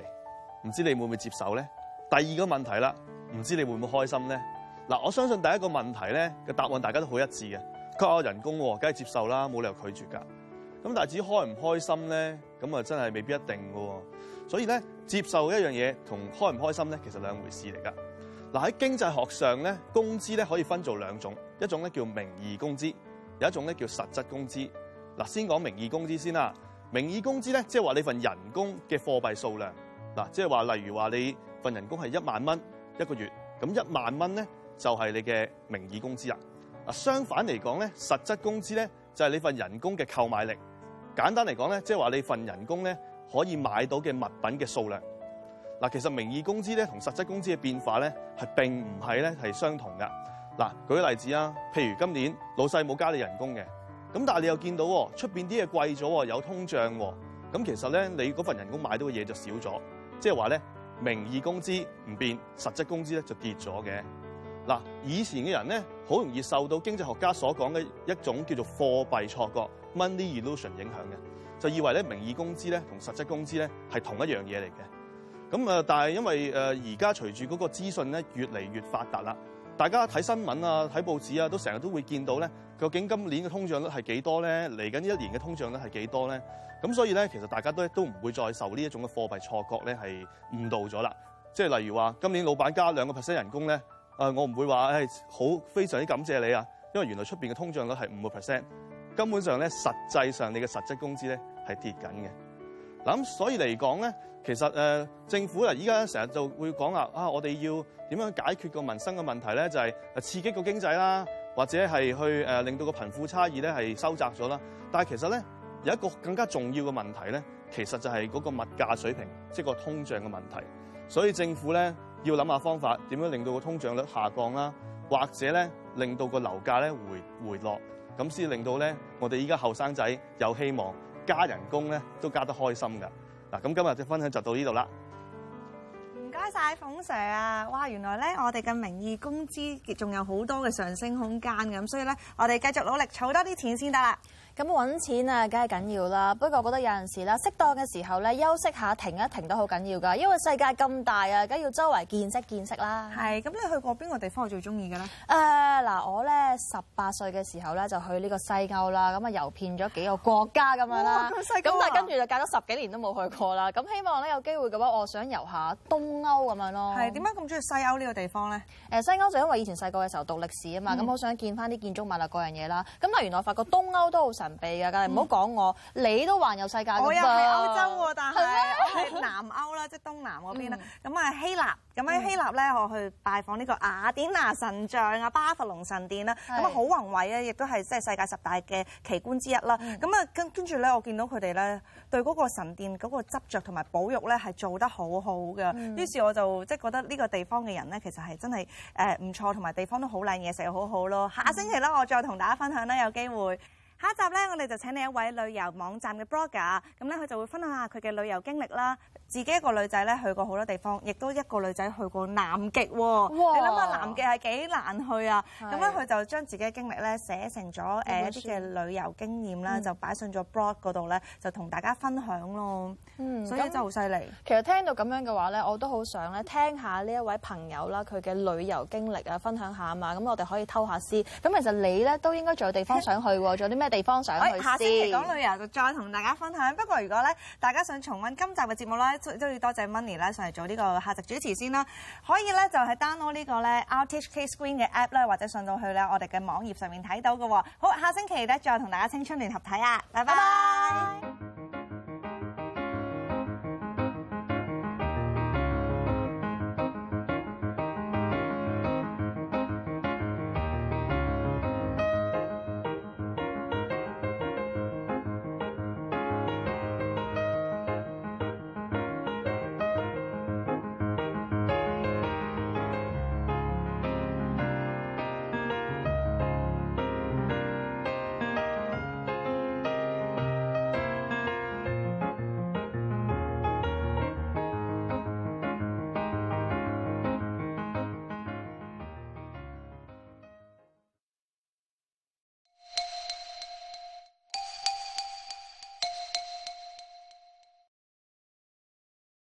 唔知你會唔會接受咧？第二個問題啦，唔知你會唔會開心咧？嗱，我相信第一個問題咧嘅答案大家都好一致嘅，加我人工，梗係接受啦，冇理由拒絕噶。咁但係至於開唔開心咧，咁啊真係未必一定噶。所以咧，接受的一樣嘢同開唔開心咧，其實兩回事嚟噶。嗱，喺經濟學上咧，工資咧可以分做兩種，一種咧叫名義工資，有一種咧叫實質工資。嗱，先講名義工資先啦。名義工資咧，即係話你份人工嘅貨幣數量。嗱，即係話例如話你份人工係一萬蚊一個月，咁一萬蚊咧就係你嘅名義工資啦。嗱，相反嚟講咧，實質工資咧就係你份人工嘅購買力。簡單嚟講咧，即係話你份人工咧可以買到嘅物品嘅數量。嗱，其實名義工資咧同實質工資嘅變化咧係並唔係咧係相同㗎。嗱，舉例子啊，譬如今年老細冇加你人工嘅。咁但係你又見到喎、哦，出面啲嘢貴咗喎，有通脹喎、哦。咁、嗯、其實咧，你嗰份人工買到嘅嘢就少咗，即係話咧，名義工資唔變，實質工資咧就跌咗嘅。嗱，以前嘅人咧，好容易受到經濟學家所講嘅一種叫做貨幣錯覺 （money illusion） 影響嘅，就以為咧名義工資咧同實質工資咧係同一樣嘢嚟嘅。咁啊，但係因為誒而家隨住嗰個資訊咧越嚟越發達啦，大家睇新聞啊、睇報紙啊，都成日都會見到咧。究竟今年嘅通脹率係幾多咧？嚟緊呢一年嘅通脹率係幾多咧？咁所以咧，其實大家都都唔會再受呢一種嘅貨幣錯覺咧，係誤導咗啦。即係例如話，今年老闆加兩個 percent 人工咧，誒，我唔會話誒、哎、好非常之感謝你啊，因為原來出邊嘅通脹率係五個 percent，根本上咧實際上你嘅實質工資咧係跌緊嘅。嗱，咁所以嚟講咧，其實誒、呃、政府啊，依家成日就會講啊，啊，我哋要點樣解決個民生嘅問題咧？就係、誒、刺激個經濟啦。或者係去誒令到個貧富差異咧係收窄咗啦，但係其實咧有一個更加重要嘅問題咧，其實就係嗰個物價水平，即係個通脹嘅問題。所以政府咧要諗下方法點樣令到個通脹率下降啦，或者咧令到個樓價咧回回落，咁先令到咧我哋依家後生仔有希望加人工咧都加得開心㗎。嗱，咁今日嘅分享就到呢度啦。晒鳳 Sir 啊！哇，原來咧我哋嘅名義工資仲有好多嘅上升空間咁，所以咧我哋繼續努力儲多啲錢先得啦。咁揾錢啊，梗係緊要啦。不過我覺得有陣時啦，適當嘅時候咧，休息下、停一停都好緊要㗎。因為世界咁大啊，梗要周圍見識見識啦。係，咁你去過邊個地方係最中意嘅咧？誒嗱，我咧十八歲嘅時候咧就去呢個西歐啦，咁啊遊遍咗幾個國家咁樣啦。哇，咁細！咁但係跟住就隔咗十幾年都冇去過啦。咁希望咧有機會嘅話，我想遊下東歐咁樣咯。係點解咁中意西歐呢個地方咧？誒，西歐就因為以前細個嘅時候讀歷史啊嘛，咁好想見返啲建築物啊各樣嘢啦。咁但係原來發覺東歐都好。神秘嘅，但係唔好講我，嗯、你都環遊世界的，我又喺歐洲喎，但係喺南歐啦，即係東南嗰邊啦。咁、嗯、啊希臘咁喺、嗯、希臘咧，我去拜訪呢個雅典娜神像啊、巴佛龍神殿啦，咁啊好宏偉咧，亦都係即係世界十大嘅奇觀之一啦。咁啊跟跟住咧，我見到佢哋咧對嗰個神殿嗰個執著同埋保育咧係做得好好嘅、嗯。於是我就即係覺得呢個地方嘅人咧其實係真係誒唔錯，同埋地方都好靚嘅，食又好好咯。下星期咧，我再同大家分享啦，有機會。下一集咧，我哋就請你一位旅遊網站嘅 blogger，咁咧佢就會分享下佢嘅旅遊經歷啦。自己一個女仔咧去過好多地方，亦都一個女仔去過南極喎。你諗下南極係幾難去啊？咁咧佢就將自己嘅經歷咧寫成咗誒一啲嘅旅遊經驗啦、嗯，就擺上咗 blog 嗰度咧，就同大家分享咯、嗯。所以真係好犀利。其實聽到咁樣嘅話咧，我都好想咧聽下呢一位朋友啦，佢嘅旅遊經歷啊，分享下啊嘛。咁我哋可以偷下私。咁其實你咧都應該仲有地方想去喎，仲有啲咩？地方，上下星期講旅遊就再同大家分享。不過如果咧大家想重溫今集嘅節目咧，都都要多謝 Money 咧上嚟做呢個客席主持先啦。可以咧就係 download 呢個咧 Altitude Screen 嘅 app 咧，或者上到去咧我哋嘅網頁上面睇到嘅。好，下星期咧再同大家青春聯合體啊！拜拜。